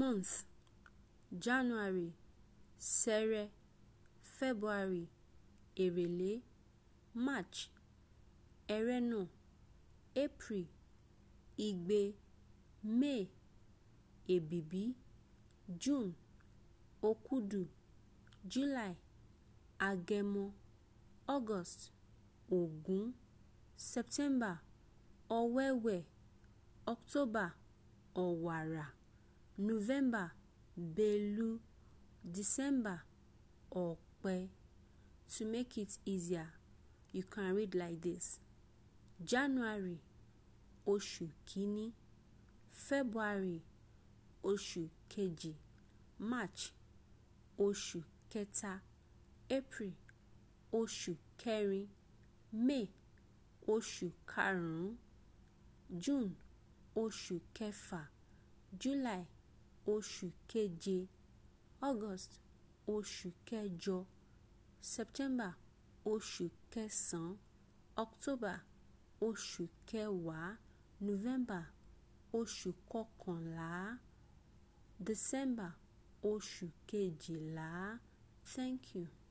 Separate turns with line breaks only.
Month: January, Ṣẹẹrẹ, February, Èrèlé, March, Ẹrẹ́nà, April, Igbe, May, Èbìbí, June, Okudu, July, Agẹmọ, August, Ogun, September, Ọ̀wẹwẹ̀, October, Ọ̀wàrà november belu december ọ̀pẹ to make it easier you can read like this january oṣù kìíní february oṣù kejì march oṣù kẹta april oṣù kẹrin may oṣù karùn june oṣù kẹfà july oṣù keje August oṣù kẹjọ September oṣù kẹsàn October oṣù kẹwàá November oṣù kọkànlá December oṣù kejìlá. Thank you.